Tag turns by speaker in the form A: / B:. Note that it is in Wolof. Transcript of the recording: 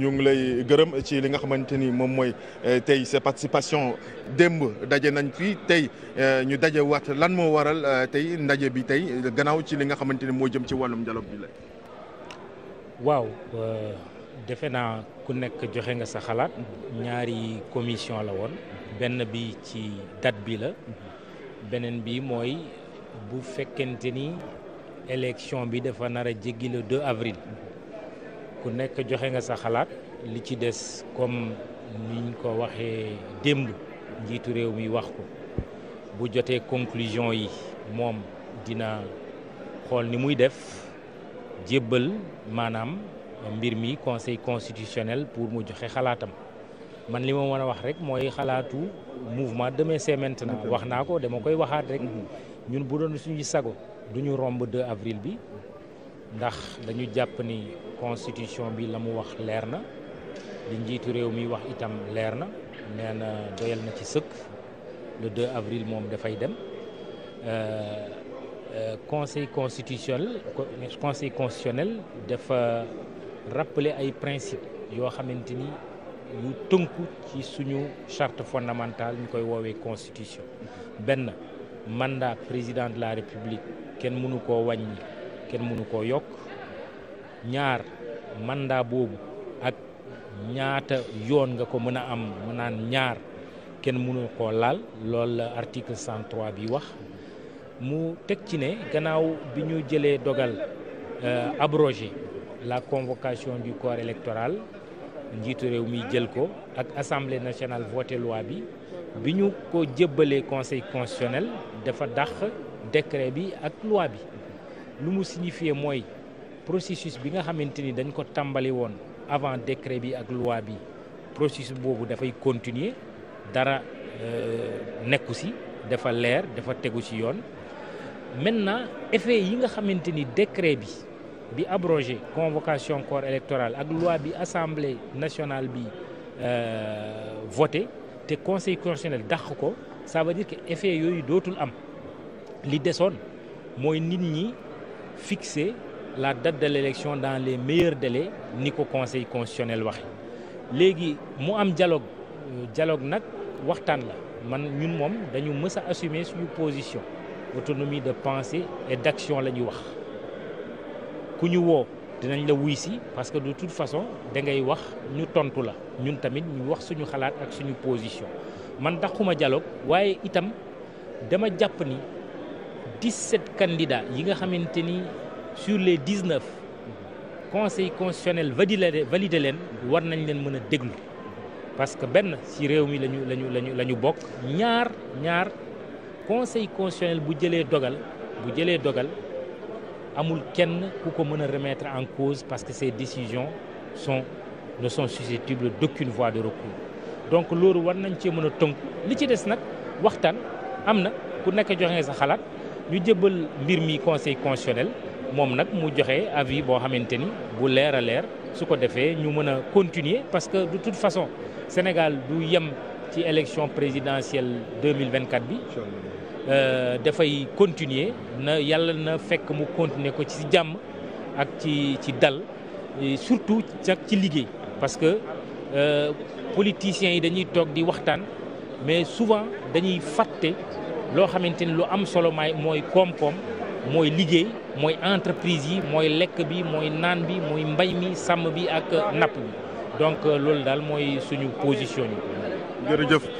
A: ñu ngi lay gërëm ci li nga xamante ni moom mooy eh, tey sa participation démb daje nañ fi tey eh, ñu daje waat lan moo waral eh, tey ndaje bi tey gannaaw ci li nga xamante ni moo jëm ci wàllum dialogue bi la. waaw euh, defe naa ku nekk joxe nga sa xalaat ñaari commission la woon benn bi ci date bi la beneen bi mooy bu fekkente ni élection bi dafa nar a jéggi le 2 avril. ku nekk joxe nga sax xalaat li ci des comme nuñ ko waxee démb njiitu réew mi wax ko bu jotee conclusion yi moom dina xool ni muy def jébbal maanaam mbir mi conseil constitutionnel pour mu joxe xalaatam man li ma mën a wax rek mooy xalaatu mouvement demain c'est maintenant wax naa ko dama koy waxaat rek mhm. ñun bu doon suñu sago duñu romb 2 avril bi ndax dañu jàpp ni constitution bi la mu wax leer na li njiitu réew mi wax itam leer na nee na doyal na ci sëkk le 2 avril moom dafay dem euh, euh, conseil constitutionnel conseil dafa rappeler ay principe yoo xamante ni yu tënku ci suñu charte fondamentale ñu koy woowee constitution benn mandat président de la république kenn mënu koo wàññi kenn mënu koo yokk ñaar mandat boobu ak ñaata yoon nga ko mën a am mu ñaar kenn mënu koo laal loolu la article bi wax mu teg ci ne gannaaw bi ñu jëlee dogal euh, abrogé la convocation du corps électoral njiitu réew mi jël ko ak assemblée nationale voté loi bi bi ñu ko jébbalee conseil constitutionnel dafa dàq décret bi ak loi bi lu mu signifié mooy processus bi nga xamante ni dañ ko tàmbali woon avant décret bi ak loi bi processus boobu dafay continuer dara euh, nekku si dafa leer dafa tegu ci yoon maintenant effet yi nga xamante ni décret bi bi abrogé convocation corps électoral ak loi bi assemblée nationale bi euh, voté te conseil constitutionnel dàq ko ça dire que effet yooyu dootul am li desoon mooy nit ñi fixer la date de dans les meilleurs délais ni ko conseil constitutionnel waxe léegi mu am dialogue jaloog euh, nag waxtaan la man ñun moom dañu mës a assumer suñu position autonomie de pensée et d'action la ñu wax ku ñu woo dinañ la wuy si parce que du toute façon da ngay wax ñu tontu la ñun tamit ñu wax suñu xalaat ak suñu position man taxuma dialogue waaye itam dama jàpp ni 17 candidats yi nga xamante ni sur les 19 conseil constitutionnel validé validé leen war nañ leen mën a déglu parce que benn ci réew mi lañu lañu lañu la ñu bokk ñaar ñaar conseil constitutionnel bu jëlee dogal bu jëlee dogal amul kenn ku ko mën a remettre en cause parce que ces décisions sont ne sont susceptibles d'aucune voie de recours donc loolu war nañ cee mën a tënk li ci des nag waxtaan am na ku nekk joxe sa xalaat ñu jëbbal mbir mi conseil constitutionnel moom nag mu joxe avis boo xamante ni bu leer a leer su ko defee ñu mën a continuer parce que de toute façon Sénégal du yem ci élection présidentielle 2024 bi euh, dafay continuer na yàlla na fekk mu continuer ko ci jàmm ak ci ci dal surtout nag ci liggéey parce que euh, politiciens yi dañuy toog di waxtaan mais souvent dañuy fàtte loo xamante ni lu am solo maay mooy koom-koom mooy liggéey mooy entreprise yi mooy lekk bi mooy naan bi mooy mbay mi sàmm bi ak napp bi donc loolu daal mooy suñu position yi.